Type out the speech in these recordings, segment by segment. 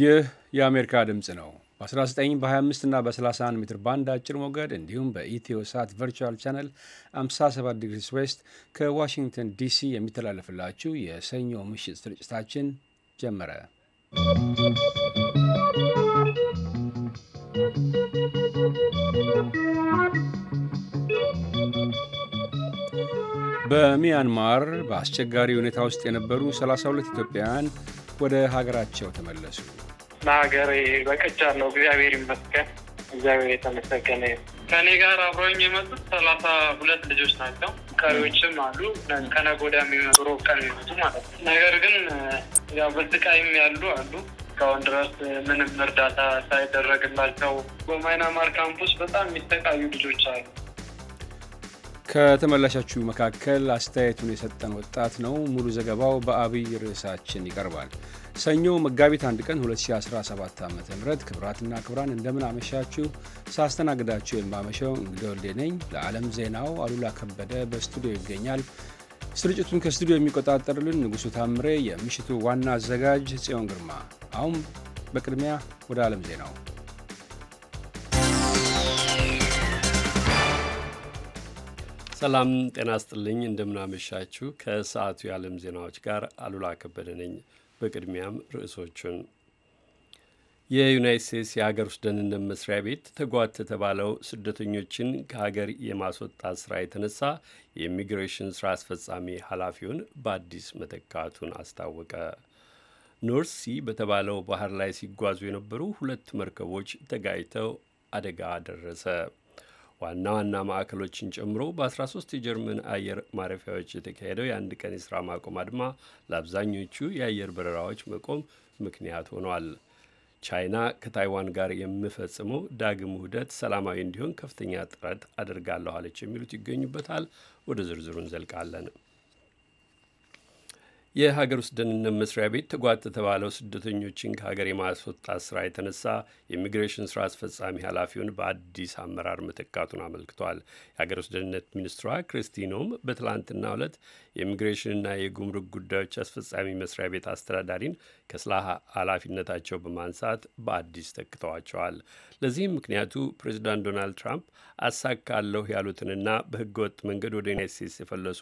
ይህ የአሜሪካ ድምፅ ነው። በ19 በ25 እና በ31 ሜትር ባንድ አጭር ሞገድ እንዲሁም በኢትዮ ሳት ቨርቹዋል ቻነል 57 ዲግሪስ ዌስት ከዋሽንግተን ዲሲ የሚተላለፍላችሁ የሰኞ ምሽት ስርጭታችን ጀመረ። በሚያንማር በአስቸጋሪ ሁኔታ ውስጥ የነበሩ 32 ኢትዮጵያውያን ወደ ሀገራቸው ተመለሱ። ለሀገሬ በቅቻለሁ። እግዚአብሔር ይመስገን። እግዚአብሔር የተመሰገነ ከኔ ጋር አብረውኝ የመጡት ሰላሳ ሁለት ልጆች ናቸው። ቀሪዎችም አሉ ከነገ ወዲያ የሚመሩ ቀን የሚመጡ ማለት ነው። ነገር ግን ያው በስቃይም ያሉ አሉ። እስካሁን ድረስ ምንም እርዳታ ሳይደረግላቸው በማይናማር ካምፖስ በጣም የሚሰቃዩ ልጆች አሉ። ከተመላሻችሁ መካከል አስተያየቱን የሰጠን ወጣት ነው። ሙሉ ዘገባው በአብይ ርዕሳችን ይቀርባል። ሰኞ መጋቢት አንድ ቀን 2017 ዓ ም ክብራትና ክብራን እንደምን አመሻችሁ። ሳስተናግዳችሁ የማመሸው እንግዲህ ወልዴ ነኝ። ለዓለም ዜናው አሉላ ከበደ በስቱዲዮ ይገኛል። ስርጭቱን ከስቱዲዮ የሚቆጣጠርልን ንጉሱ ታምሬ፣ የምሽቱ ዋና አዘጋጅ ጽዮን ግርማ። አሁን በቅድሚያ ወደ ዓለም ዜናው ሰላም ጤና ስጥልኝ። እንደምናመሻችሁ ከሰዓቱ የዓለም ዜናዎች ጋር አሉላ ከበደ ነኝ። በቅድሚያም ርዕሶቹን የዩናይት ስቴትስ የሀገር ውስጥ ደህንነት መስሪያ ቤት ተጓት የተባለው ስደተኞችን ከሀገር የማስወጣት ስራ የተነሳ የኢሚግሬሽን ስራ አስፈጻሚ ኃላፊውን በአዲስ መተካቱን አስታወቀ። ኖርስ ሲ በተባለው ባህር ላይ ሲጓዙ የነበሩ ሁለት መርከቦች ተጋይተው አደጋ ደረሰ። ዋና ዋና ማዕከሎችን ጨምሮ በ13 የጀርመን አየር ማረፊያዎች የተካሄደው የአንድ ቀን የስራ ማቆም አድማ ለአብዛኞቹ የአየር በረራዎች መቆም ምክንያት ሆኗል። ቻይና ከታይዋን ጋር የምፈጽመው ዳግም ውህደት ሰላማዊ እንዲሆን ከፍተኛ ጥረት አድርጋለኋለች የሚሉት ይገኙበታል። ወደ ዝርዝሩ እንዘልቃለን። የሀገር ውስጥ ደህንነት መስሪያ ቤት ተጓት የተባለው ስደተኞችን ከሀገር የማስወጣት ስራ የተነሳ የኢሚግሬሽን ስራ አስፈጻሚ ኃላፊውን በአዲስ አመራር መተካቱን አመልክቷል። የሀገር ውስጥ ደህንነት ሚኒስትሯ ክርስቲኖም በትላንትናው ዕለት የኢሚግሬሽንና የጉምሩክ ጉዳዮች አስፈጻሚ መስሪያ ቤት አስተዳዳሪን ከስራ ኃላፊነታቸው በማንሳት በአዲስ ተክተዋቸዋል። ለዚህም ምክንያቱ ፕሬዚዳንት ዶናልድ ትራምፕ አሳካለሁ ያሉትንና በህገወጥ መንገድ ወደ ዩናይት ስቴትስ የፈለሱ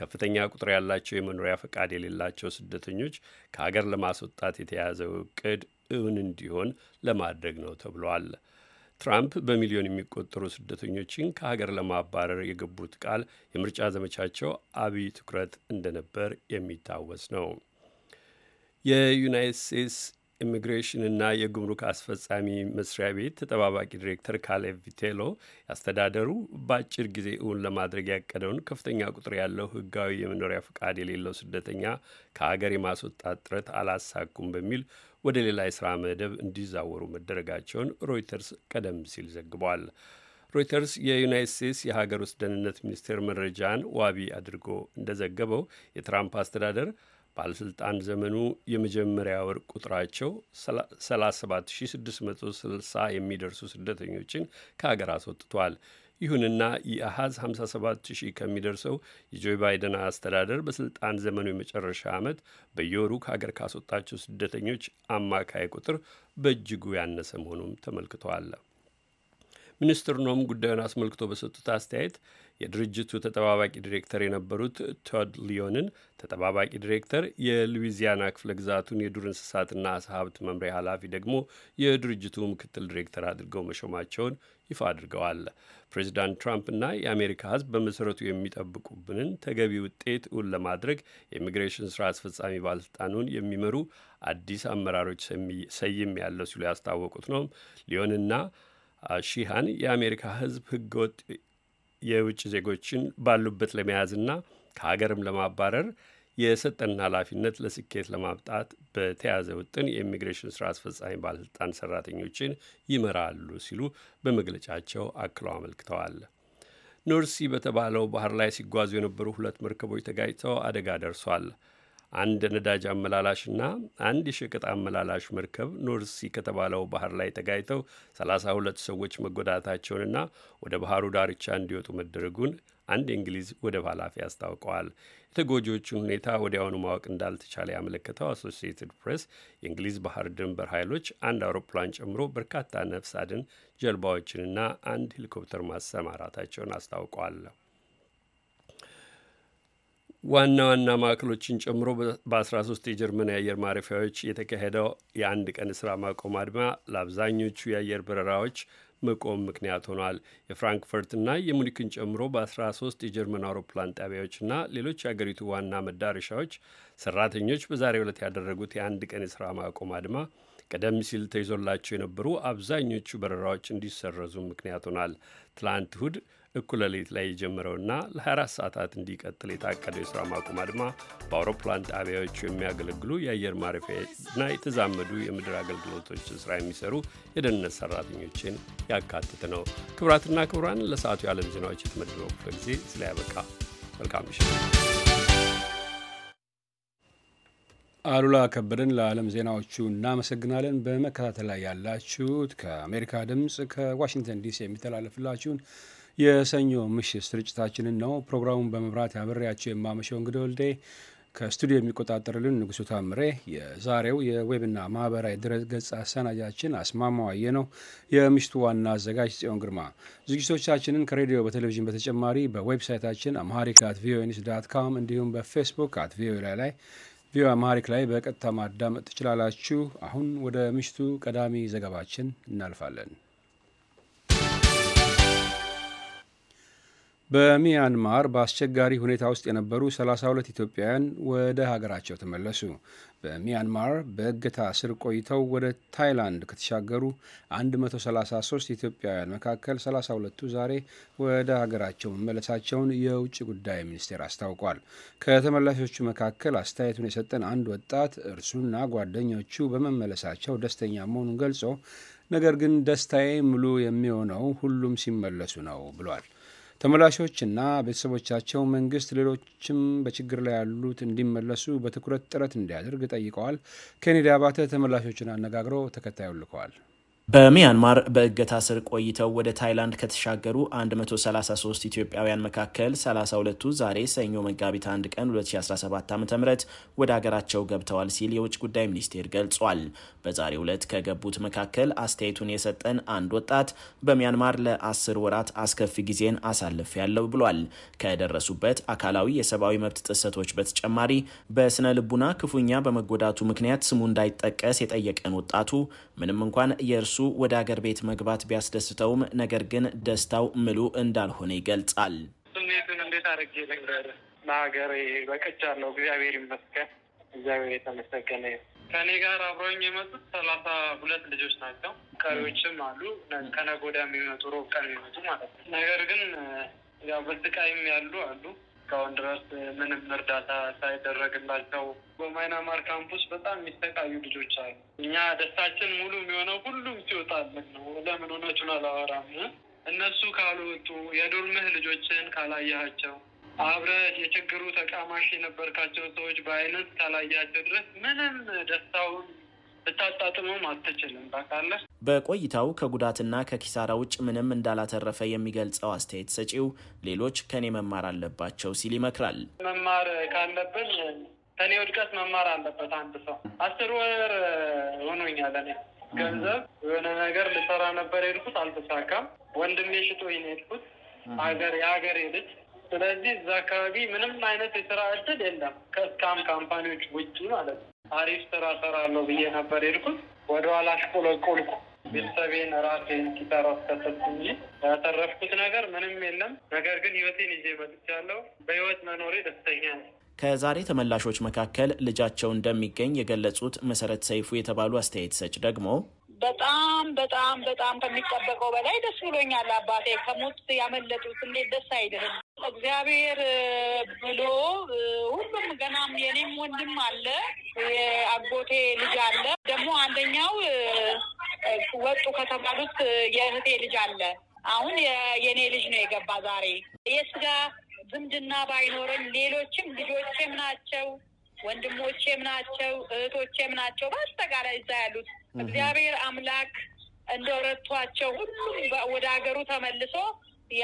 ከፍተኛ ቁጥር ያላቸው የመኖሪያ ፈቃድ የሌላቸው ስደተኞች ከሀገር ለማስወጣት የተያዘው እቅድ እውን እንዲሆን ለማድረግ ነው ተብሏል። ትራምፕ በሚሊዮን የሚቆጠሩ ስደተኞችን ከሀገር ለማባረር የገቡት ቃል የምርጫ ዘመቻቸው አብይ ትኩረት እንደነበር የሚታወስ ነው። የዩናይት ስቴትስ ኢሚግሬሽንና የጉምሩክ አስፈጻሚ መስሪያ ቤት ተጠባባቂ ዲሬክተር ካሌቭ ቪቴሎ ያስተዳደሩ በአጭር ጊዜ እውን ለማድረግ ያቀደውን ከፍተኛ ቁጥር ያለው ህጋዊ የመኖሪያ ፈቃድ የሌለው ስደተኛ ከሀገር የማስወጣት ጥረት አላሳኩም በሚል ወደ ሌላ የስራ መደብ እንዲዛወሩ መደረጋቸውን ሮይተርስ ቀደም ሲል ዘግቧል። ሮይተርስ የዩናይት ስቴትስ የሀገር ውስጥ ደህንነት ሚኒስቴር መረጃን ዋቢ አድርጎ እንደዘገበው የትራምፕ አስተዳደር ባለሥልጣን ዘመኑ የመጀመሪያ ወር ቁጥራቸው 37660 የሚደርሱ ስደተኞችን ከሀገር አስወጥቷል። ይሁንና የአሃዝ 57000 ከሚደርሰው የጆ ባይደን አስተዳደር በስልጣን ዘመኑ የመጨረሻ ዓመት በየወሩ ከሀገር ካስወጣቸው ስደተኞች አማካይ ቁጥር በእጅጉ ያነሰ መሆኑም ተመልክቷል። ሚኒስትር ኖም ጉዳዩን አስመልክቶ በሰጡት አስተያየት የድርጅቱ ተጠባባቂ ዲሬክተር የነበሩት ቶድ ሊዮንን ተጠባባቂ ዲሬክተር፣ የሉዊዚያና ክፍለ ግዛቱን የዱር እንስሳትና አሳ ሀብት መምሪያ ኃላፊ ደግሞ የድርጅቱ ምክትል ዲሬክተር አድርገው መሾማቸውን ይፋ አድርገዋል። ፕሬዚዳንት ትራምፕና የአሜሪካ ሕዝብ በመሰረቱ የሚጠብቁብንን ተገቢ ውጤት እውን ለማድረግ የኢሚግሬሽን ስራ አስፈጻሚ ባለስልጣኑን የሚመሩ አዲስ አመራሮች ሰይም ያለው ሲሉ ያስታወቁት ነው ሊዮንና ሺሃን የአሜሪካ ህዝብ ህገወጥ የውጭ ዜጎችን ባሉበት ለመያዝና ከሀገርም ለማባረር የሰጠን ኃላፊነት ለስኬት ለማብጣት በተያዘ ውጥን የኢሚግሬሽን ስራ አስፈጻሚ ባለስልጣን ሰራተኞችን ይመራሉ ሲሉ በመግለጫቸው አክለው አመልክተዋል። ኖርሲ በተባለው ባህር ላይ ሲጓዙ የነበሩ ሁለት መርከቦች ተጋጭተው አደጋ ደርሷል። አንድ ነዳጅ አመላላሽና አንድ የሸቀጥ አመላላሽ መርከብ ኖርሲ ከተባለው ባህር ላይ ተጋይተው ሁለት ሰዎች መጎዳታቸውንና ወደ ባህሩ ዳርቻ እንዲወጡ መደረጉን አንድ የእንግሊዝ ወደብ ኃላፊ አስታውቀዋል። የተጎጂዎቹን ሁኔታ ወዲያውኑ ማወቅ እንዳልተቻለ ያመለከተው አሶሲየትድ ፕሬስ የእንግሊዝ ባህር ድንበር ኃይሎች አንድ አውሮፕላን ጨምሮ በርካታ ነፍስ አድን ጀልባዎችንና አንድ ሄሊኮፕተር ማሰማራታቸውን አስታውቀዋል። ዋና ዋና ማዕከሎችን ጨምሮ በ13 የጀርመን የአየር ማረፊያዎች የተካሄደው የአንድ ቀን ስራ ማቆም አድማ ለአብዛኞቹ የአየር በረራዎች መቆም ምክንያት ሆኗል። የፍራንክፈርትና የሙኒክን ጨምሮ በ13 የጀርመን አውሮፕላን ጣቢያዎችና ሌሎች የአገሪቱ ዋና መዳረሻዎች ሰራተኞች በዛሬው ዕለት ያደረጉት የአንድ ቀን የስራ ማቆም አድማ ቀደም ሲል ተይዞላቸው የነበሩ አብዛኞቹ በረራዎች እንዲሰረዙ ምክንያት ሆኗል። ትላንት እሁድ እኩለ ሌሊት ላይ የጀመረውና ለ24 ሰዓታት እንዲቀጥል የታቀደው የሥራ ማቆም አድማ በአውሮፕላን ጣቢያዎቹ የሚያገለግሉ የአየር ማረፊያና የተዛመዱ የምድር አገልግሎቶች ሥራ የሚሰሩ የደህንነት ሠራተኞችን ያካትት ነው። ክቡራትና ክቡራን ለሰዓቱ የዓለም ዜናዎች የተመደበው ክፍለ ጊዜ ስለያበቃ መልካም ምሽት። አሉላ ከበደን ለዓለም ዜናዎቹ እናመሰግናለን። በመከታተል ላይ ያላችሁት ከአሜሪካ ድምፅ ከዋሽንግተን ዲሲ የሚተላለፍላችሁን የሰኞ ምሽት ስርጭታችንን ነው። ፕሮግራሙን በመብራት ያበሬያቸው የማመሸው እንግዲ ወልዴ ከስቱዲዮ የሚቆጣጠርልን ንጉሱ ታምሬ፣ የዛሬው የዌብና ማህበራዊ ድረገጽ አሰናጃችን አስማማው አየ ነው። የምሽቱ ዋና አዘጋጅ ጽዮን ግርማ። ዝግጅቶቻችንን ከሬዲዮ በቴሌቪዥን በተጨማሪ በዌብሳይታችን አምሃሪክ ት ቪኦኤ ኒውስ ዳት ካም እንዲሁም በፌስቡክ አት ቪኦኤ ላይ ቪኦኤ አምሃሪክ ላይ በቀጥታ ማዳመጥ ትችላላችሁ። አሁን ወደ ምሽቱ ቀዳሚ ዘገባችን እናልፋለን። በሚያንማር በአስቸጋሪ ሁኔታ ውስጥ የነበሩ 32 ኢትዮጵያውያን ወደ ሀገራቸው ተመለሱ። በሚያንማር በእገታ ስር ቆይተው ወደ ታይላንድ ከተሻገሩ 133 ኢትዮጵያውያን መካከል 32ቱ ዛሬ ወደ ሀገራቸው መመለሳቸውን የውጭ ጉዳይ ሚኒስቴር አስታውቋል። ከተመላሾቹ መካከል አስተያየቱን የሰጠን አንድ ወጣት እርሱና ጓደኞቹ በመመለሳቸው ደስተኛ መሆኑን ገልጾ ነገር ግን ደስታዬ ሙሉ የሚሆነው ሁሉም ሲመለሱ ነው ብሏል። ተመላሾችና ቤተሰቦቻቸው መንግስት ሌሎችም በችግር ላይ ያሉት እንዲመለሱ በትኩረት ጥረት እንዲያደርግ ጠይቀዋል። ኬኔዲ አባተ ተመላሾችን አነጋግሮ ተከታዩ ልከዋል። በሚያንማር በእገታ ስር ቆይተው ወደ ታይላንድ ከተሻገሩ 133 ኢትዮጵያውያን መካከል 32ቱ ዛሬ ሰኞ መጋቢት 1 ቀን 2017 ዓ ም ወደ አገራቸው ገብተዋል ሲል የውጭ ጉዳይ ሚኒስቴር ገልጿል። በዛሬ ዕለት ከገቡት መካከል አስተያየቱን የሰጠን አንድ ወጣት በሚያንማር ለአስር ወራት አስከፊ ጊዜን አሳልፍ ያለው ብሏል። ከደረሱበት አካላዊ የሰብአዊ መብት ጥሰቶች በተጨማሪ በስነ ልቡና ክፉኛ በመጎዳቱ ምክንያት ስሙ እንዳይጠቀስ የጠየቀን ወጣቱ ምንም እንኳን የእርሱ እሱ ወደ አገር ቤት መግባት ቢያስደስተውም ነገር ግን ደስታው ምሉ እንዳልሆነ ይገልጻል። ስሜትን እንዴት አድርጌ ልንገር? ለሀገር በቅቻለሁ። እግዚአብሔር ይመስገን። እግዚአብሔር የተመሰገነ። ከኔ ጋር አብረኝ የመጡት ሰላሳ ሁለት ልጆች ናቸው። ቀሪዎችም አሉ። ከነገ ወዲያ የሚመጡ ሮብ ቀን የሚመጡ ማለት ነው። ነገር ግን ያው በስቃይም ያሉ አሉ እስካሁን ድረስ ምንም እርዳታ ሳይደረግላቸው በማይናማር ካምፕ በጣም የሚሰቃዩ ልጆች አሉ። እኛ ደስታችን ሙሉ የሚሆነው ሁሉም ሲወጣልን ነው። ለምን እውነቱን አላወራም። እነሱ ካልወጡ የዱርምህ ልጆችን ካላያቸው አብረህ የችግሩ ተቃማሽ የነበርካቸው ሰዎች በአይነት ካላያቸው ድረስ ምንም ደስታውን ልታጣጥመውም አትችልም። ታውቃለህ። በቆይታው ከጉዳትና ከኪሳራ ውጭ ምንም እንዳላተረፈ የሚገልጸው አስተያየት ሰጪው ሌሎች ከኔ መማር አለባቸው ሲል ይመክራል። መማር ካለብን ከኔ ውድቀት መማር አለበት አንድ ሰው። አስር ወር ሆኖኛል። እኔ ገንዘብ የሆነ ነገር ልሰራ ነበር የሄድኩት፣ አልተሳካም። ወንድሜ ሽጦኝ ነው የሄድኩት፣ ሀገር የሀገሬ ልጅ ስለዚህ እዛ አካባቢ ምንም አይነት የስራ እድል የለም ከስካም ካምፓኒዎች ውጭ ማለት ነው። አሪፍ ስራ ሰራለሁ ብዬ ነበር የሄድኩት። ወደኋላ አሽቆለቆልኩ። ቤተሰቤን ራሴን ኪሳራ አስከተልኩ እንጂ ያተረፍኩት ነገር ምንም የለም። ነገር ግን ህይወቴን ይዤ መጥቻለሁ። በህይወት መኖሬ ደስተኛ ነው። ከዛሬ ተመላሾች መካከል ልጃቸው እንደሚገኝ የገለጹት መሰረት ሰይፉ የተባሉ አስተያየት ሰጭ ደግሞ በጣም በጣም በጣም ከሚጠበቀው በላይ ደስ ብሎኛል። አባቴ ከሞት ያመለጡት እንዴት ደስ አይልህም? እግዚአብሔር ብሎ ሁሉም ገናም የኔም ወንድም አለ፣ የአጎቴ ልጅ አለ። ደግሞ አንደኛው ወጡ ከተባሉት የእህቴ ልጅ አለ። አሁን የእኔ ልጅ ነው የገባ ዛሬ። የስጋ ዝምድና ባይኖረኝ ሌሎችም ልጆቼም ናቸው፣ ወንድሞቼም ናቸው፣ እህቶቼም ናቸው። በአጠቃላይ እዛ ያሉት እግዚአብሔር አምላክ እንደረቷቸው ሁሉም ወደ ሀገሩ ተመልሶ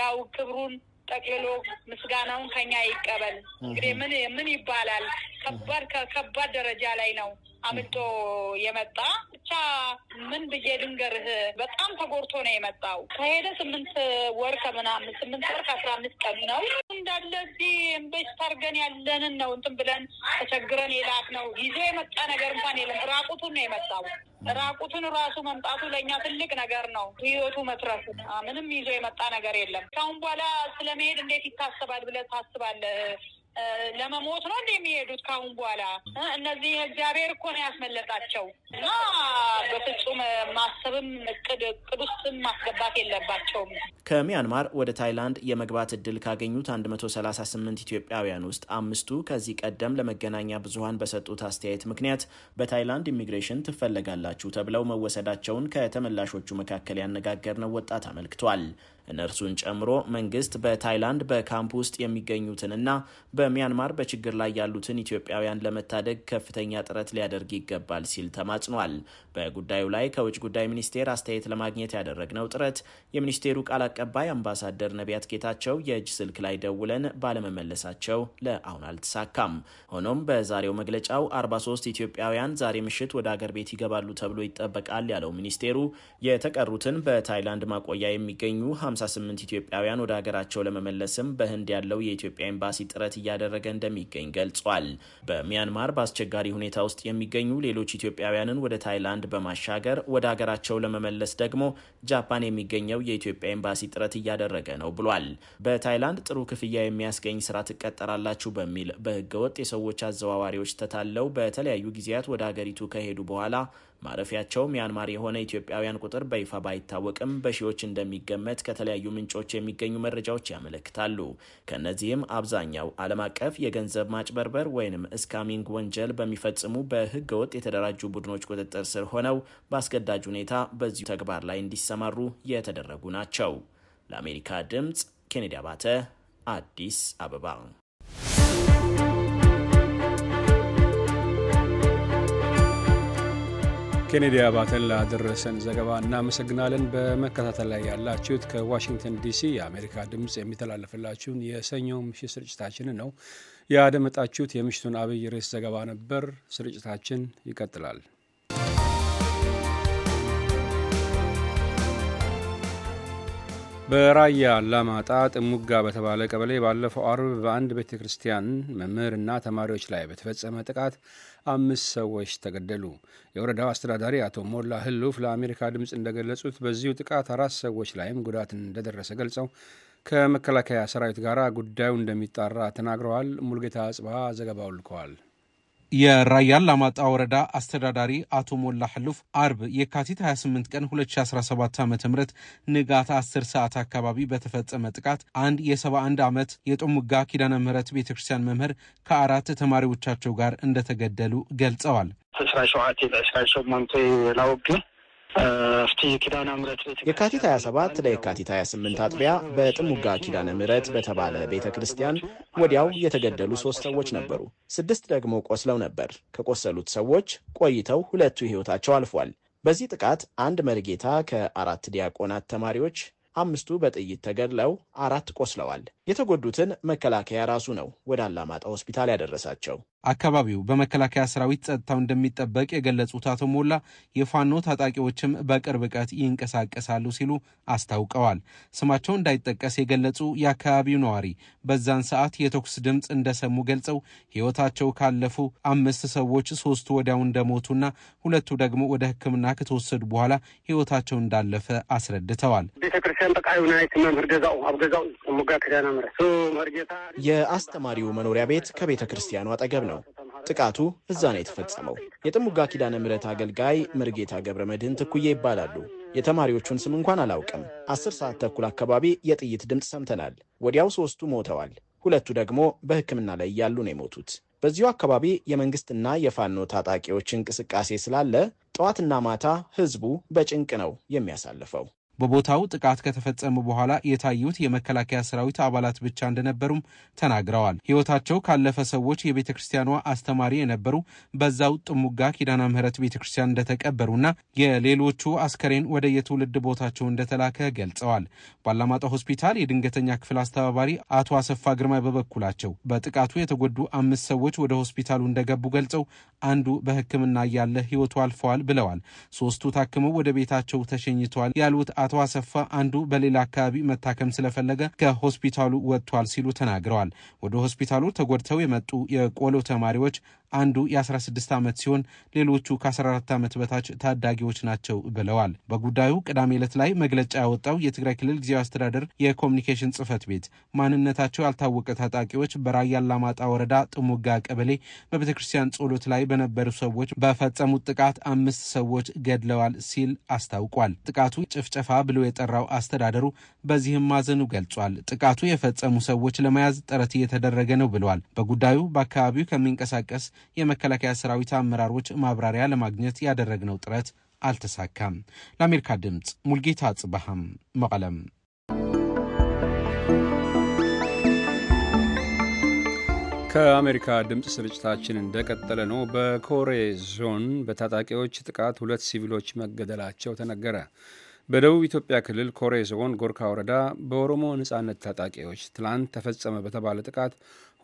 ያው ክብሩን ጠቅልሎ ምስጋናውን ከኛ ይቀበል። እንግዲህ ምን ምን ይባላል? ከባድ ከባድ ደረጃ ላይ ነው አብልጦ የመጣ ብቻ ምን ብዬ ልንገርህ፣ በጣም ተጎድቶ ነው የመጣው። ከሄደ ስምንት ወር ከምናምን ስምንት ወር ከአስራ አምስት ቀን ነው እንዳለ እዚህ እንበሽ ታርገን ያለንን ነው እንትን ብለን ተቸግረን የላት ነው ይዞ የመጣ ነገር እንኳን የለም። ራቁቱን ነው የመጣው። ራቁቱን ራሱ መምጣቱ ለእኛ ትልቅ ነገር ነው፣ ህይወቱ መትረፉ። ምንም ይዞ የመጣ ነገር የለም። ካሁን በኋላ ስለመሄድ እንዴት ይታሰባል ብለህ ታስባለህ? ለመሞት ነው እንደ የሚሄዱት ካሁን በኋላ እነዚህ እግዚአብሔር እኮ ነው ያስመለጣቸው እና በፍጹም ማሰብም እቅድ እቅድ ውስጥም ማስገባት የለባቸውም። ከሚያንማር ወደ ታይላንድ የመግባት እድል ካገኙት 138 ኢትዮጵያውያን ውስጥ አምስቱ ከዚህ ቀደም ለመገናኛ ብዙኃን በሰጡት አስተያየት ምክንያት በታይላንድ ኢሚግሬሽን ትፈለጋላችሁ ተብለው መወሰዳቸውን ከተመላሾቹ መካከል ያነጋገርነው ወጣት አመልክቷል። እነርሱን ጨምሮ መንግስት በታይላንድ በካምፕ ውስጥ የሚገኙትንና በሚያንማር በችግር ላይ ያሉትን ኢትዮጵያውያን ለመታደግ ከፍተኛ ጥረት ሊያደርግ ይገባል ሲል ተማጽኗል። በጉዳዩ ላይ ከውጭ ጉዳይ ሚኒስቴር አስተያየት ለማግኘት ያደረግነው ጥረት የሚኒስቴሩ ቃል አቀባይ አምባሳደር ነቢያት ጌታቸው የእጅ ስልክ ላይ ደውለን ባለመመለሳቸው ለአሁን አልተሳካም። ሆኖም በዛሬው መግለጫው 43 ኢትዮጵያውያን ዛሬ ምሽት ወደ አገር ቤት ይገባሉ ተብሎ ይጠበቃል ያለው ሚኒስቴሩ የተቀሩትን በታይላንድ ማቆያ የሚገኙ 58 ኢትዮጵያውያን ወደ ሀገራቸው ለመመለስም በህንድ ያለው የኢትዮጵያ ኤምባሲ ጥረት እያደረገ እንደሚገኝ ገልጿል። በሚያንማር በአስቸጋሪ ሁኔታ ውስጥ የሚገኙ ሌሎች ኢትዮጵያውያንን ወደ ታይላንድ በማሻገር ወደ ሀገራቸው ለመመለስ ደግሞ ጃፓን የሚገኘው የኢትዮጵያ ኤምባሲ ጥረት እያደረገ ነው ብሏል። በታይላንድ ጥሩ ክፍያ የሚያስገኝ ስራ ትቀጠራላችሁ በሚል በህገወጥ የሰዎች አዘዋዋሪዎች ተታለው በተለያዩ ጊዜያት ወደ ሀገሪቱ ከሄዱ በኋላ ማረፊያቸው ሚያንማር የሆነ ኢትዮጵያውያን ቁጥር በይፋ ባይታወቅም በሺዎች እንደሚገመት ከተለያዩ ምንጮች የሚገኙ መረጃዎች ያመለክታሉ። ከእነዚህም አብዛኛው ዓለም አቀፍ የገንዘብ ማጭበርበር ወይንም እስካሚንግ ወንጀል በሚፈጽሙ በህገ ወጥ የተደራጁ ቡድኖች ቁጥጥር ስር ሆነው በአስገዳጅ ሁኔታ በዚሁ ተግባር ላይ እንዲሰማሩ የተደረጉ ናቸው። ለአሜሪካ ድምፅ ኬኔዲ አባተ አዲስ አበባ ኬኔዲ አባተን ላደረሰን ዘገባ እናመሰግናለን። በመከታተል ላይ ያላችሁት ከዋሽንግተን ዲሲ የአሜሪካ ድምፅ የሚተላለፍላችሁን የሰኞ ምሽት ስርጭታችንን ነው ያደመጣችሁት። የምሽቱን አብይ ርዕስ ዘገባ ነበር። ስርጭታችን ይቀጥላል። በራያ አላማጣ ጥሙጋ በተባለ ቀበሌ ባለፈው አርብ በአንድ ቤተ ክርስቲያን መምህርና ተማሪዎች ላይ በተፈጸመ ጥቃት አምስት ሰዎች ተገደሉ። የወረዳው አስተዳዳሪ አቶ ሞላ ህሉፍ ለአሜሪካ ድምፅ እንደገለጹት በዚሁ ጥቃት አራት ሰዎች ላይም ጉዳት እንደደረሰ ገልጸው ከመከላከያ ሰራዊት ጋር ጉዳዩ እንደሚጣራ ተናግረዋል። ሙልጌታ አጽብሃ ዘገባው ልከዋል። የራያ አላማጣ ወረዳ አስተዳዳሪ አቶ ሞላ ሐሉፍ አርብ የካቲት 28 ቀን 2017 ዓ ም ንጋት 10 ሰዓት አካባቢ በተፈጸመ ጥቃት አንድ የ71 ዓመት የጦሙጋ ኪዳነ ምህረት ቤተ ክርስቲያን መምህር ከአራት ተማሪዎቻቸው ጋር እንደተገደሉ ገልጸዋል። የካቲት 27 ለየካቲት 28 አጥቢያ በጥሙጋ ኪዳነ ምሕረት በተባለ ቤተ ክርስቲያን ወዲያው የተገደሉ ሶስት ሰዎች ነበሩ። ስድስት ደግሞ ቆስለው ነበር። ከቆሰሉት ሰዎች ቆይተው ሁለቱ ሕይወታቸው አልፏል። በዚህ ጥቃት አንድ መርጌታ ከአራት ዲያቆናት ተማሪዎች አምስቱ በጥይት ተገድለው አራት ቆስለዋል። የተጎዱትን መከላከያ ራሱ ነው ወደ አላማጣ ሆስፒታል ያደረሳቸው። አካባቢው በመከላከያ ሰራዊት ጸጥታው እንደሚጠበቅ የገለጹት አቶ ሞላ የፋኖ ታጣቂዎችም በቅርብ ቀት ይንቀሳቀሳሉ ሲሉ አስታውቀዋል። ስማቸው እንዳይጠቀስ የገለጹ የአካባቢው ነዋሪ በዛን ሰዓት የተኩስ ድምፅ እንደሰሙ ገልጸው ሕይወታቸው ካለፉ አምስት ሰዎች ሶስቱ ወዲያው እንደሞቱና ሁለቱ ደግሞ ወደ ሕክምና ከተወሰዱ በኋላ ሕይወታቸው እንዳለፈ አስረድተዋል። ቤተክርስቲያን ገዛው አብ ገዛው የአስተማሪው መኖሪያ ቤት ከቤተ ክርስቲያኑ አጠገብ ነው። ነው። ጥቃቱ እዛ ነው የተፈጸመው። የጥሙጋ ኪዳነ ምሕረት አገልጋይ መርጌታ ገብረ መድህን ትኩዬ ይባላሉ። የተማሪዎቹን ስም እንኳን አላውቅም። አስር ሰዓት ተኩል አካባቢ የጥይት ድምፅ ሰምተናል። ወዲያው ሶስቱ ሞተዋል። ሁለቱ ደግሞ በሕክምና ላይ እያሉ ነው የሞቱት። በዚሁ አካባቢ የመንግስትና የፋኖ ታጣቂዎች እንቅስቃሴ ስላለ ጠዋትና ማታ ህዝቡ በጭንቅ ነው የሚያሳልፈው። በቦታው ጥቃት ከተፈጸመ በኋላ የታዩት የመከላከያ ሰራዊት አባላት ብቻ እንደነበሩም ተናግረዋል። ሕይወታቸው ካለፈ ሰዎች የቤተ ክርስቲያኗ አስተማሪ የነበሩ በዛው ጥሙጋ ኪዳነ ምሕረት ቤተ ክርስቲያን እንደተቀበሩና የሌሎቹ አስከሬን ወደ የትውልድ ቦታቸው እንደተላከ ገልጸዋል። ባላማጣ ሆስፒታል የድንገተኛ ክፍል አስተባባሪ አቶ አሰፋ ግርማ በበኩላቸው በጥቃቱ የተጎዱ አምስት ሰዎች ወደ ሆስፒታሉ እንደገቡ ገልጸው አንዱ በሕክምና እያለ ሕይወቱ አልፈዋል ብለዋል። ሶስቱ ታክመው ወደ ቤታቸው ተሸኝተዋል ያሉት አቶ አሰፋ አንዱ በሌላ አካባቢ መታከም ስለፈለገ ከሆስፒታሉ ወጥቷል ሲሉ ተናግረዋል። ወደ ሆስፒታሉ ተጎድተው የመጡ የቆሎ ተማሪዎች አንዱ የ16 ዓመት ሲሆን ሌሎቹ ከ14 ዓመት በታች ታዳጊዎች ናቸው ብለዋል። በጉዳዩ ቅዳሜ ዕለት ላይ መግለጫ ያወጣው የትግራይ ክልል ጊዜያዊ አስተዳደር የኮሚኒኬሽን ጽህፈት ቤት ማንነታቸው ያልታወቀ ታጣቂዎች በራያ አላማጣ ወረዳ ጥሙጋ ቀበሌ በቤተ ክርስቲያን ጸሎት ላይ በነበሩ ሰዎች በፈጸሙት ጥቃት አምስት ሰዎች ገድለዋል ሲል አስታውቋል። ጥቃቱ ጭፍጨፋ ብሎ የጠራው አስተዳደሩ በዚህም ማዘኑ ገልጿል። ጥቃቱ የፈጸሙ ሰዎች ለመያዝ ጥረት እየተደረገ ነው ብለዋል። በጉዳዩ በአካባቢው ከሚንቀሳቀስ የመከላከያ ሰራዊት አመራሮች ማብራሪያ ለማግኘት ያደረግነው ጥረት አልተሳካም። ለአሜሪካ ድምፅ ሙልጌታ ጽባሃም መቀለም። ከአሜሪካ ድምፅ ስርጭታችን እንደቀጠለ ነው። በኮሬ ዞን በታጣቂዎች ጥቃት ሁለት ሲቪሎች መገደላቸው ተነገረ። በደቡብ ኢትዮጵያ ክልል ኮሬ ዞን ጎርካ ወረዳ በኦሮሞ ነጻነት ታጣቂዎች ትላንት ተፈጸመ በተባለ ጥቃት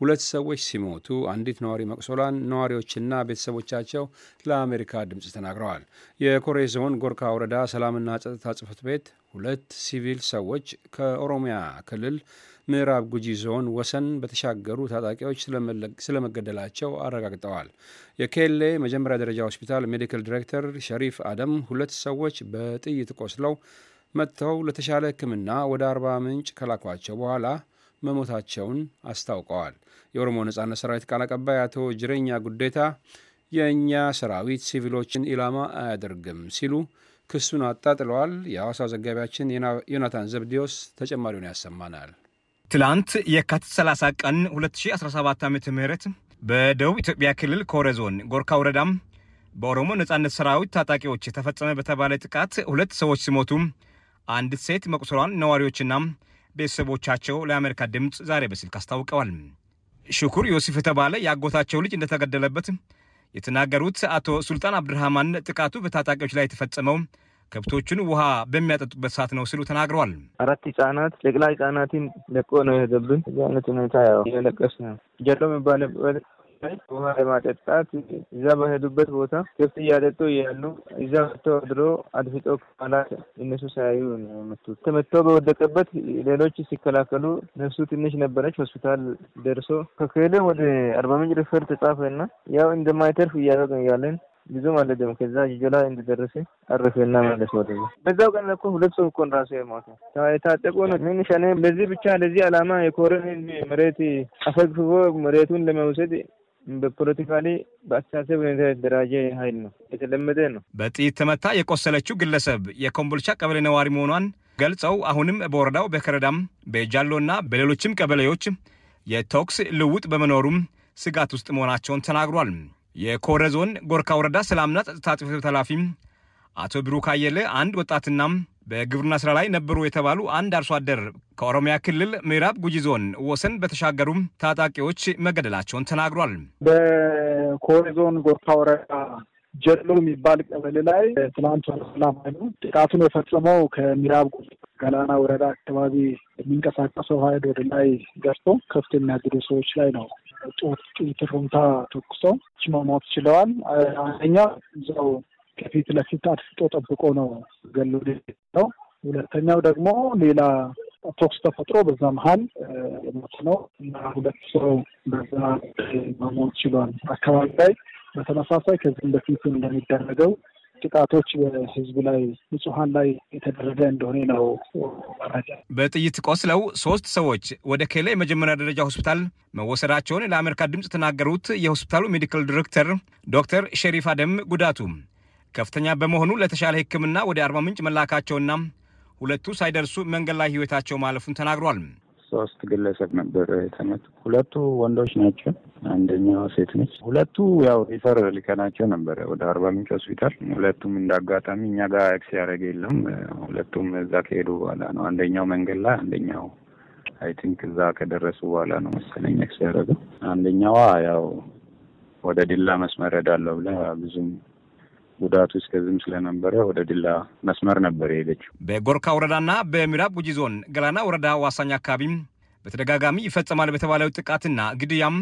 ሁለት ሰዎች ሲሞቱ አንዲት ነዋሪ መቁሰሏን ነዋሪዎችና ቤተሰቦቻቸው ለአሜሪካ ድምፅ ተናግረዋል። የኮሬ ዞን ጎርካ ወረዳ ሰላምና ጸጥታ ጽህፈት ቤት ሁለት ሲቪል ሰዎች ከኦሮሚያ ክልል ምዕራብ ጉጂ ዞን ወሰን በተሻገሩ ታጣቂዎች ስለመገደላቸው አረጋግጠዋል። የኬሌ መጀመሪያ ደረጃ ሆስፒታል ሜዲካል ዲሬክተር ሸሪፍ አደም ሁለት ሰዎች በጥይት ቆስለው መጥተው ለተሻለ ሕክምና ወደ አርባ ምንጭ ከላኳቸው በኋላ መሞታቸውን አስታውቀዋል። የኦሮሞ ነጻነት ሰራዊት ቃል አቀባይ አቶ ጅረኛ ጉዴታ የእኛ ሰራዊት ሲቪሎችን ኢላማ አያደርግም ሲሉ ክሱን አጣጥለዋል። የሐዋሳው ዘጋቢያችን ዮናታን ዘብዲዮስ ተጨማሪውን ያሰማናል። ትላንት የካቲት 30 ቀን 2017 ዓ ም በደቡብ ኢትዮጵያ ክልል ኮረ ዞን ጎርካ ወረዳም በኦሮሞ ነጻነት ሰራዊት ታጣቂዎች የተፈጸመ በተባለ ጥቃት ሁለት ሰዎች ሲሞቱ አንዲት ሴት መቁሰሏን ነዋሪዎችና ቤተሰቦቻቸው ለአሜሪካ ድምፅ ዛሬ በስልክ አስታውቀዋል። ሽኩር ዮሲፍ የተባለ የአጎታቸው ልጅ እንደተገደለበት የተናገሩት አቶ ሱልጣን አብድርሃማን ጥቃቱ በታጣቂዎች ላይ የተፈጸመው ከብቶቹን ውሃ በሚያጠጡበት ሰዓት ነው ሲሉ ተናግረዋል። አራት ህጻናት ጨቅላ ህጻናትን ለቆ ነው የሄደብን። እዚህ አይነት ሁኔታ ያው እየለቀስ ነው ጀሎ የሚባልበት ውሃ ለማጠጣት እዛ በሄዱበት ቦታ ክፍት እያጠጡ እያሉ እዛ መቶ አድሮ አድፍጦ ከኋላ እነሱ ሳያዩ መቱት። ተመቶ በወደቀበት ሌሎች ሲከላከሉ ነፍሱ ትንሽ ነበረች። ሆስፒታል ደርሶ ከከሄደ ወደ አርባ ምንጭ ሪፈር ተጻፈ እና ያው እንደማይተርፍ እያደረግ ያለን ብዙ ማለት ደግሞ ከዛ ጅጆላ እንደደረሰ አረፈና መለስ ወደ በዛው ቀን እኮ ሁለት ሰው እኮን ራሱ የሞተ የታጠቁ ነው። ምን ሸኔ ለዚህ ብቻ ለዚህ አላማ የኮረን ህዝብ መሬት አፈግፍጎ መሬቱን ለመውሰድ በፖለቲካ ላይ በአስተሳሰብ የተደራጀ ኃይል ነው፣ የተለመደ ነው። በጥይት ተመታ የቆሰለችው ግለሰብ የኮምቦልቻ ቀበሌ ነዋሪ መሆኗን ገልጸው አሁንም በወረዳው በከረዳም በጃሎና በሌሎችም ቀበሌዎች የተኩስ ልውጥ በመኖሩም ስጋት ውስጥ መሆናቸውን ተናግሯል። የኮረ ዞን ጎርካ ወረዳ ሰላምና ጸጥታ ጽሕፈት ቤት አቶ ብሩክ አየለ አንድ ወጣትና በግብርና ስራ ላይ ነበሩ የተባሉ አንድ አርሶ አደር ከኦሮሚያ ክልል ምዕራብ ጉጂ ዞን ወሰን በተሻገሩም ታጣቂዎች መገደላቸውን ተናግሯል። በኮሬ ዞን ጎርካ ወረዳ ጀሎ የሚባል ቀበሌ ላይ ትናንት ሰላም ኃይሉ ጥቃቱን የፈጸመው ከምዕራብ ጉጂ ገላና ወረዳ አካባቢ የሚንቀሳቀሰው ኃይል ወደ ላይ ገርቶ ከፍት የሚያግዱ ሰዎች ላይ ነው ጡት ሩምታ ተኩሰው መሞት ችለዋል። አንደኛ እዛው ከፊት ለፊት አድፍጦ ጠብቆ ነው ገሎ ነው። ሁለተኛው ደግሞ ሌላ ተኩስ ተፈጥሮ በዛ መሀል ሞት ነው እና ሁለት ሰው በዛ መሞት ችሏል። አካባቢ ላይ በተመሳሳይ ከዚህም በፊት እንደሚደረገው ጥቃቶች በህዝብ ላይ ንጹሀን ላይ የተደረገ እንደሆነ ነው መረጃ። በጥይት ቆስለው ሶስት ሰዎች ወደ ኬላ የመጀመሪያ ደረጃ ሆስፒታል መወሰዳቸውን ለአሜሪካ ድምፅ የተናገሩት የሆስፒታሉ ሜዲካል ዲሬክተር ዶክተር ሸሪፍ አደም ጉዳቱ ከፍተኛ በመሆኑ ለተሻለ ሕክምና ወደ አርባ ምንጭ መላካቸውና ሁለቱ ሳይደርሱ መንገድ ላይ ህይወታቸው ማለፉን ተናግሯል። ሶስት ግለሰብ ነበር የተመቱ። ሁለቱ ወንዶች ናቸው፣ አንደኛው ሴት ነች። ሁለቱ ያው ሪፈር ልከናቸው ነበረ ወደ አርባ ምንጭ ሆስፒታል። ሁለቱም እንደ አጋጣሚ እኛ ጋር ኤክስ ያደረገ የለም። ሁለቱም እዛ ከሄዱ በኋላ ነው አንደኛው መንገድ ላይ አንደኛው አይ ቲንክ እዛ ከደረሱ በኋላ ነው መሰለኝ ኤክስ ያደረገው። አንደኛዋ ያው ወደ ዲላ መስመር ሄዳለሁ ብላ ብዙም ጉዳቱ እስከዚህም ስለነበረ ወደ ድላ መስመር ነበር የሄደችው። በጎርካ ወረዳና በምዕራብ ጉጂ ዞን ገላና ወረዳ ዋሳኝ አካባቢም በተደጋጋሚ ይፈጸማል በተባለው ጥቃትና ግድያም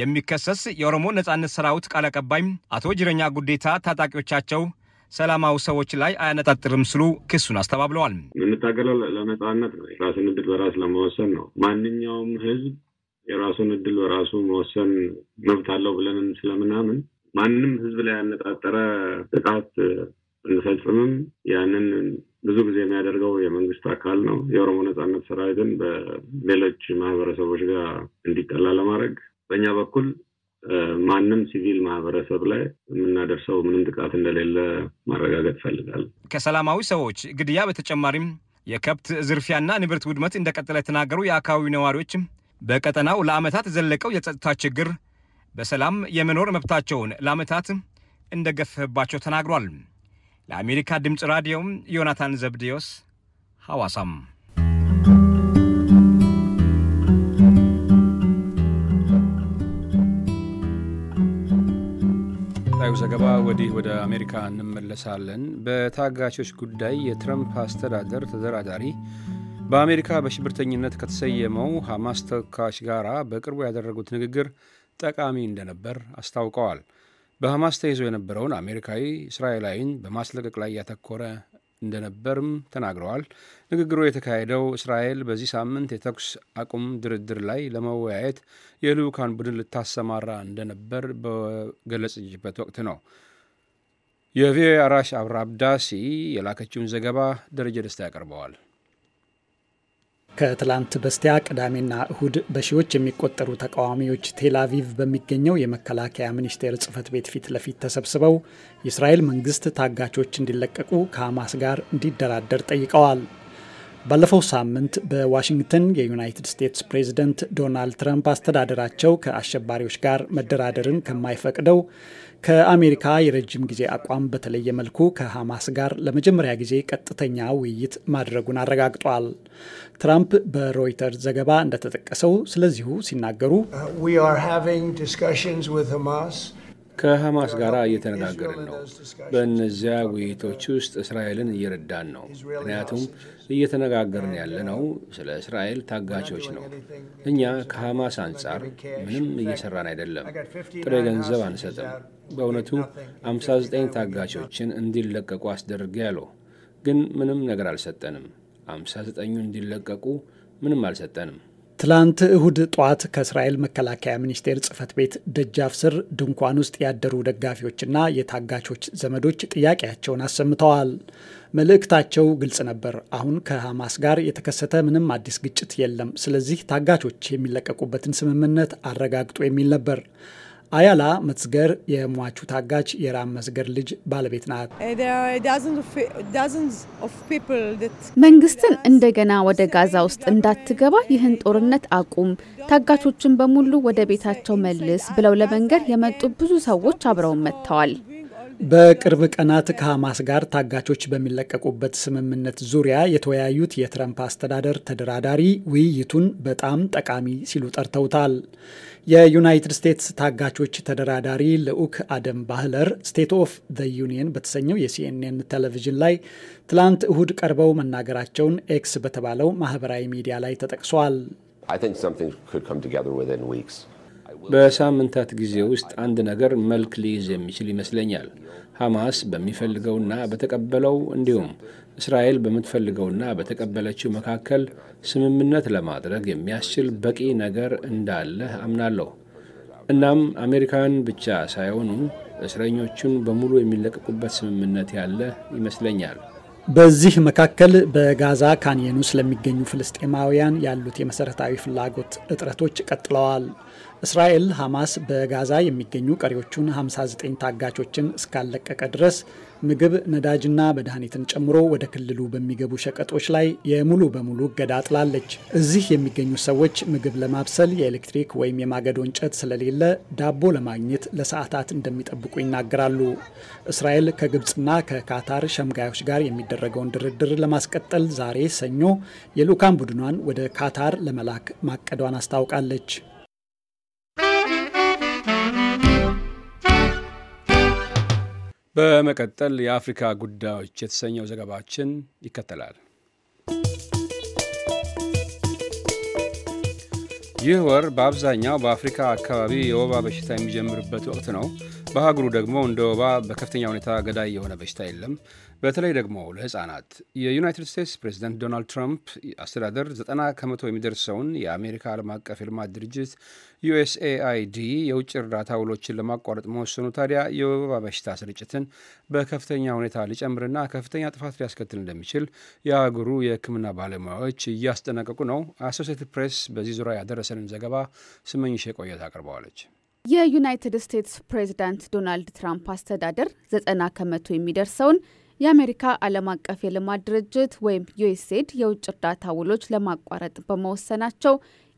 የሚከሰስ የኦሮሞ ነጻነት ሰራዊት ቃል አቀባይ አቶ ጅረኛ ጉዴታ ታጣቂዎቻቸው ሰላማዊ ሰዎች ላይ አያነጣጥርም ስሉ ክሱን አስተባብለዋል። የምንታገለው ለነጻነት ነው። የራስን እድል በራስ ለመወሰን ነው። ማንኛውም ህዝብ የራሱን እድል በራሱ መወሰን መብት አለው ብለን ስለምናምን ማንም ህዝብ ላይ ያነጣጠረ ጥቃት እንፈጽምም ያንን ብዙ ጊዜ የሚያደርገው የመንግስት አካል ነው። የኦሮሞ ነጻነት ሰራዊትን በሌሎች ማህበረሰቦች ጋር እንዲጠላ ለማድረግ በእኛ በኩል ማንም ሲቪል ማህበረሰብ ላይ የምናደርሰው ምንም ጥቃት እንደሌለ ማረጋገጥ ይፈልጋል። ከሰላማዊ ሰዎች ግድያ በተጨማሪም የከብት ዝርፊያና ንብረት ውድመት እንደቀጠለ የተናገሩ የአካባቢው ነዋሪዎች በቀጠናው ለዓመታት ዘለቀው የጸጥታ ችግር በሰላም የመኖር መብታቸውን ለዓመታት እንደገፈባቸው ተናግሯል። ለአሜሪካ ድምፅ ራዲዮም ዮናታን ዘብዴዎስ ሐዋሳም ቀጣዩ ዘገባ ወዲህ ወደ አሜሪካ እንመለሳለን። በታጋቾች ጉዳይ የትረምፕ አስተዳደር ተደራዳሪ በአሜሪካ በሽብርተኝነት ከተሰየመው ሐማስ ተወካዮች ጋር በቅርቡ ያደረጉት ንግግር ጠቃሚ እንደነበር አስታውቀዋል። በሐማስ ተይዞ የነበረውን አሜሪካዊ እስራኤላዊን በማስለቀቅ ላይ ያተኮረ እንደነበርም ተናግረዋል። ንግግሩ የተካሄደው እስራኤል በዚህ ሳምንት የተኩስ አቁም ድርድር ላይ ለመወያየት የልዑካን ቡድን ልታሰማራ እንደነበር በገለጸችበት ወቅት ነው። የቪኦኤ አራሽ አብራብዳሲ የላከችውን ዘገባ ደረጀ ደስታ ያቀርበዋል። ከትላንት በስቲያ ቅዳሜና እሁድ በሺዎች የሚቆጠሩ ተቃዋሚዎች ቴላቪቭ በሚገኘው የመከላከያ ሚኒስቴር ጽህፈት ቤት ፊት ለፊት ተሰብስበው የእስራኤል መንግስት ታጋቾች እንዲለቀቁ ከሐማስ ጋር እንዲደራደር ጠይቀዋል። ባለፈው ሳምንት በዋሽንግተን የዩናይትድ ስቴትስ ፕሬዝደንት ዶናልድ ትራምፕ አስተዳደራቸው ከአሸባሪዎች ጋር መደራደርን ከማይፈቅደው ከአሜሪካ የረጅም ጊዜ አቋም በተለየ መልኩ ከሐማስ ጋር ለመጀመሪያ ጊዜ ቀጥተኛ ውይይት ማድረጉን አረጋግጧል። ትራምፕ በሮይተርስ ዘገባ እንደተጠቀሰው ስለዚሁ ሲናገሩ uh, ከሐማስ ጋር እየተነጋገርን ነው። በእነዚያ ውይይቶች ውስጥ እስራኤልን እየረዳን ነው። ምክንያቱም እየተነጋገርን ያለነው ስለ እስራኤል ታጋቾች ነው። እኛ ከሐማስ አንጻር ምንም እየሰራን አይደለም። ጥሬ ገንዘብ አንሰጥም። በእውነቱ 59 ታጋቾችን እንዲለቀቁ አስደርጌ ያለው ግን ምንም ነገር አልሰጠንም። 59ኙ እንዲለቀቁ ምንም አልሰጠንም። ትላንት እሁድ ጠዋት ከእስራኤል መከላከያ ሚኒስቴር ጽህፈት ቤት ደጃፍ ስር ድንኳን ውስጥ ያደሩ ደጋፊዎችና የታጋቾች ዘመዶች ጥያቄያቸውን አሰምተዋል። መልእክታቸው ግልጽ ነበር። አሁን ከሐማስ ጋር የተከሰተ ምንም አዲስ ግጭት የለም፣ ስለዚህ ታጋቾች የሚለቀቁበትን ስምምነት አረጋግጡ የሚል ነበር። አያላ መስገር የሟቹ ታጋች የራም መስገር ልጅ ባለቤት ናት። eh, መንግስትን እንደገና ወደ ጋዛ ውስጥ እንዳትገባ ይህን ጦርነት አቁም፣ ታጋቾችን በሙሉ ወደ ቤታቸው መልስ ብለው ለመንገር የመጡ ብዙ ሰዎች አብረውን መጥተዋል። በቅርብ ቀናት ከሐማስ ጋር ታጋቾች በሚለቀቁበት ስምምነት ዙሪያ የተወያዩት የትረምፕ አስተዳደር ተደራዳሪ ውይይቱን በጣም ጠቃሚ ሲሉ ጠርተውታል። የዩናይትድ ስቴትስ ታጋቾች ተደራዳሪ ልዑክ አደም ባህለር ስቴት ኦፍ ዘ ዩኒየን በተሰኘው የሲኤንኤን ቴሌቪዥን ላይ ትላንት እሁድ ቀርበው መናገራቸውን ኤክስ በተባለው ማህበራዊ ሚዲያ ላይ ተጠቅሷል። በሳምንታት ጊዜ ውስጥ አንድ ነገር መልክ ሊይዝ የሚችል ይመስለኛል። ሐማስ በሚፈልገውና በተቀበለው እንዲሁም እስራኤል በምትፈልገውና በተቀበለችው መካከል ስምምነት ለማድረግ የሚያስችል በቂ ነገር እንዳለ አምናለሁ። እናም አሜሪካን ብቻ ሳይሆኑ እስረኞቹን በሙሉ የሚለቀቁበት ስምምነት ያለ ይመስለኛል። በዚህ መካከል በጋዛ ካንየኑ ለሚገኙ ፍልስጤማውያን ያሉት የመሰረታዊ ፍላጎት እጥረቶች ቀጥለዋል። እስራኤል ሐማስ በጋዛ የሚገኙ ቀሪዎቹን 59 ታጋቾችን እስካለቀቀ ድረስ ምግብ፣ ነዳጅና መድኃኒትን ጨምሮ ወደ ክልሉ በሚገቡ ሸቀጦች ላይ የሙሉ በሙሉ እገዳ ጥላለች። እዚህ የሚገኙ ሰዎች ምግብ ለማብሰል የኤሌክትሪክ ወይም የማገዶ እንጨት ስለሌለ ዳቦ ለማግኘት ለሰዓታት እንደሚጠብቁ ይናገራሉ። እስራኤል ከግብፅና ከካታር ሸምጋዮች ጋር የሚደረገውን ድርድር ለማስቀጠል ዛሬ ሰኞ የልዑካን ቡድኗን ወደ ካታር ለመላክ ማቀዷን አስታውቃለች። በመቀጠል የአፍሪካ ጉዳዮች የተሰኘው ዘገባችን ይከተላል። ይህ ወር በአብዛኛው በአፍሪካ አካባቢ የወባ በሽታ የሚጀምርበት ወቅት ነው። በሀገሩ ደግሞ እንደ ወባ በከፍተኛ ሁኔታ ገዳይ የሆነ በሽታ የለም፣ በተለይ ደግሞ ለህፃናት። የዩናይትድ ስቴትስ ፕሬዚደንት ዶናልድ ትራምፕ አስተዳደር ዘጠና ከመቶ የሚደርሰውን የአሜሪካ ዓለም አቀፍ የልማት ድርጅት ዩኤስኤአይዲ የውጭ እርዳታ ውሎችን ለማቋረጥ መወሰኑ ታዲያ የወባ በሽታ ስርጭትን በከፍተኛ ሁኔታ ሊጨምርና ከፍተኛ ጥፋት ሊያስከትል እንደሚችል የሀገሩ የሕክምና ባለሙያዎች እያስጠነቀቁ ነው። አሶሴትድ ፕሬስ በዚህ ዙሪያ ያደረሰንን ዘገባ ስመኝሽ የቆየት አቅርበዋለች። የዩናይትድ ስቴትስ ፕሬዚዳንት ዶናልድ ትራምፕ አስተዳደር ዘጠና ከመቶ የሚደርሰውን የአሜሪካ ዓለም አቀፍ የልማት ድርጅት ወይም ዩኤስኤድ የውጭ እርዳታ ውሎች ለማቋረጥ በመወሰናቸው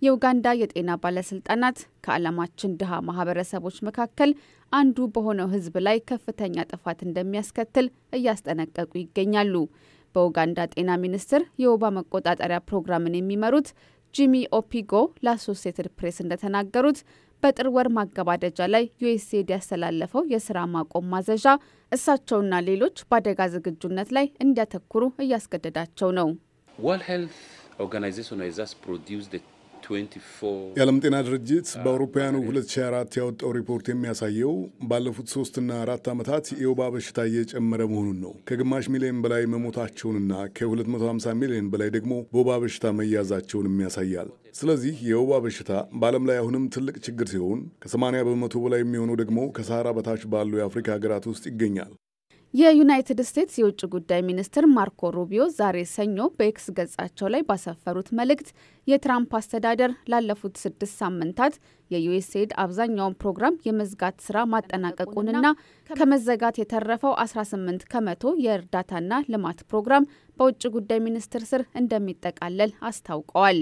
የኡጋንዳ የጤና ባለስልጣናት ከዓለማችን ድሃ ማህበረሰቦች መካከል አንዱ በሆነው ሕዝብ ላይ ከፍተኛ ጥፋት እንደሚያስከትል እያስጠነቀቁ ይገኛሉ። በኡጋንዳ ጤና ሚኒስቴር የወባ መቆጣጠሪያ ፕሮግራምን የሚመሩት ጂሚ ኦፒጎ ለአሶሴትድ ፕሬስ እንደተናገሩት በጥር ወር ማገባደጃ ላይ ዩኤስኤድ ያስተላለፈው የስራ ማቆም ማዘዣ እሳቸውና ሌሎች በአደጋ ዝግጁነት ላይ እንዲያተኩሩ እያስገደዳቸው ነው። የዓለም ጤና ድርጅት በአውሮፓውያኑ 2024 ያወጣው ሪፖርት የሚያሳየው ባለፉት ሶስትና አራት ዓመታት የወባ በሽታ እየጨመረ መሆኑን ነው። ከግማሽ ሚሊዮን በላይ መሞታቸውንና ከ250 ሚሊዮን በላይ ደግሞ በወባ በሽታ መያዛቸውን ያሳያል። ስለዚህ የወባ በሽታ በዓለም ላይ አሁንም ትልቅ ችግር ሲሆን ከ80 በመቶ በላይ የሚሆነው ደግሞ ከሰሃራ በታች ባሉ የአፍሪካ ሀገራት ውስጥ ይገኛል። የዩናይትድ ስቴትስ የውጭ ጉዳይ ሚኒስትር ማርኮ ሩቢዮ ዛሬ ሰኞ በኤክስ ገጻቸው ላይ ባሰፈሩት መልእክት የትራምፕ አስተዳደር ላለፉት ስድስት ሳምንታት የዩኤስኤድ አብዛኛውን ፕሮግራም የመዝጋት ስራ ማጠናቀቁንና ከመዘጋት የተረፈው 18 ከመቶ የእርዳታና ልማት ፕሮግራም በውጭ ጉዳይ ሚኒስቴር ስር እንደሚጠቃለል አስታውቀዋል።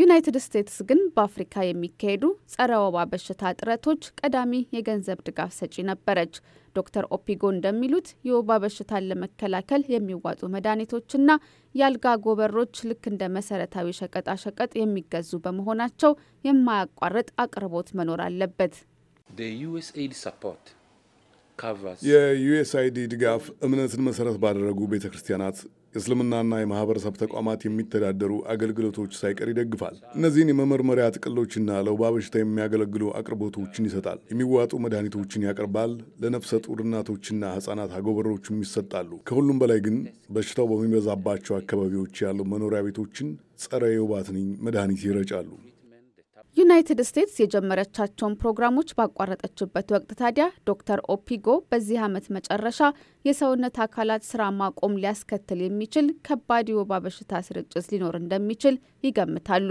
ዩናይትድ ስቴትስ ግን በአፍሪካ የሚካሄዱ ጸረ ወባ በሽታ ጥረቶች ቀዳሚ የገንዘብ ድጋፍ ሰጪ ነበረች። ዶክተር ኦፒጎ እንደሚሉት የወባ በሽታን ለመከላከል የሚዋጡ መድኃኒቶችና የአልጋ ጎበሮች ልክ እንደ መሰረታዊ ሸቀጣሸቀጥ የሚገዙ በመሆናቸው የማያቋርጥ አቅርቦት መኖር አለበት። የዩኤስአይዲ ድጋፍ እምነትን መሰረት ባደረጉ ቤተ ክርስቲያናት የእስልምናና የማህበረሰብ ተቋማት የሚተዳደሩ አገልግሎቶች ሳይቀር ይደግፋል። እነዚህን የመመርመሪያ ጥቅሎችና ለውባ በሽታ የሚያገለግሉ አቅርቦቶችን ይሰጣል። የሚዋጡ መድኃኒቶችን ያቀርባል። ለነፍሰ ጡር እናቶችና ሕጻናት አጎበሮችም ይሰጣሉ። ከሁሉም በላይ ግን በሽታው በሚበዛባቸው አካባቢዎች ያሉ መኖሪያ ቤቶችን ጸረ የወባ ትንኝ መድኃኒት ይረጫሉ። ዩናይትድ ስቴትስ የጀመረቻቸውን ፕሮግራሞች ባቋረጠችበት ወቅት ታዲያ ዶክተር ኦፒጎ በዚህ ዓመት መጨረሻ የሰውነት አካላት ስራ ማቆም ሊያስከትል የሚችል ከባድ የወባ በሽታ ስርጭት ሊኖር እንደሚችል ይገምታሉ።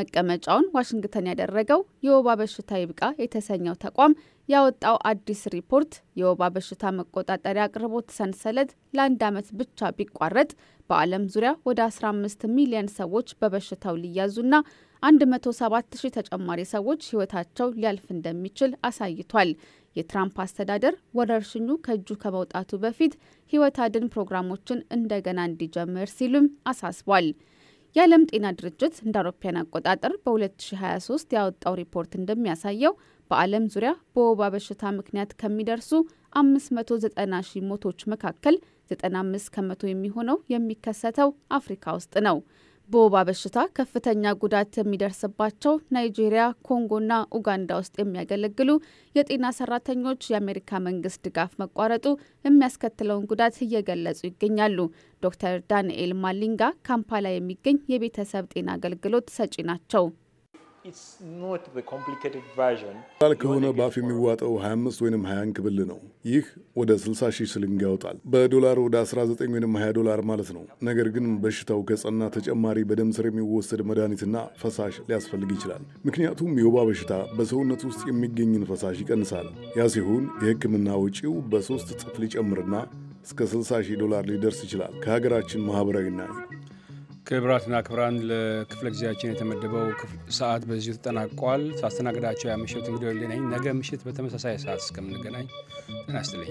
መቀመጫውን ዋሽንግተን ያደረገው የወባ በሽታ ይብቃ የተሰኘው ተቋም ያወጣው አዲስ ሪፖርት የወባ በሽታ መቆጣጠሪያ አቅርቦት ሰንሰለት ለአንድ ዓመት ብቻ ቢቋረጥ በዓለም ዙሪያ ወደ 15 ሚሊዮን ሰዎች በበሽታው ሊያዙና 107 ሺህ ተጨማሪ ሰዎች ሕይወታቸው ሊያልፍ እንደሚችል አሳይቷል። የትራምፕ አስተዳደር ወረርሽኙ ከእጁ ከመውጣቱ በፊት ሕይወት አድን ፕሮግራሞችን እንደገና እንዲጀምር ሲሉም አሳስቧል። የዓለም ጤና ድርጅት እንደ አውሮፓውያን አቆጣጠር በ2023 ያወጣው ሪፖርት እንደሚያሳየው በዓለም ዙሪያ በወባ በሽታ ምክንያት ከሚደርሱ 590 ሺህ ሞቶች መካከል 95 ከመቶ የሚሆነው የሚከሰተው አፍሪካ ውስጥ ነው። በወባ በሽታ ከፍተኛ ጉዳት የሚደርስባቸው ናይጄሪያ፣ ኮንጎና ኡጋንዳ ውስጥ የሚያገለግሉ የጤና ሰራተኞች የአሜሪካ መንግስት ድጋፍ መቋረጡ የሚያስከትለውን ጉዳት እየገለጹ ይገኛሉ። ዶክተር ዳንኤል ማሊንጋ ካምፓላ የሚገኝ የቤተሰብ ጤና አገልግሎት ሰጪ ናቸው። ላል ከሆነ በአፍ የሚዋጠው 25 ወይም 20 እንክብል ነው። ይህ ወደ 60 ሺህ ስሊንግ ያወጣል። በዶላር ወደ 19 ወይም 20 ዶላር ማለት ነው። ነገር ግን በሽታው ከጸና ተጨማሪ በደም ስር የሚወሰድ መድኃኒትና ፈሳሽ ሊያስፈልግ ይችላል። ምክንያቱም የወባ በሽታ በሰውነት ውስጥ የሚገኝን ፈሳሽ ይቀንሳል። ያ ሲሆን የሕክምና ወጪው በሶስት እጥፍ ሊጨምርና እስከ 60 ሺህ ዶላር ሊደርስ ይችላል። ከሀገራችን ማኅበራዊና ክብራትና ክብራን ለክፍለ ጊዜያችን የተመደበው ሰዓት በዚሁ ተጠናቋል። ሳስተናግዳቸው ያመሸት እንግዲህ ወልደነኝ ነገ ምሽት በተመሳሳይ ሰዓት እስከምንገናኝ ጤና ይስጥልኝ።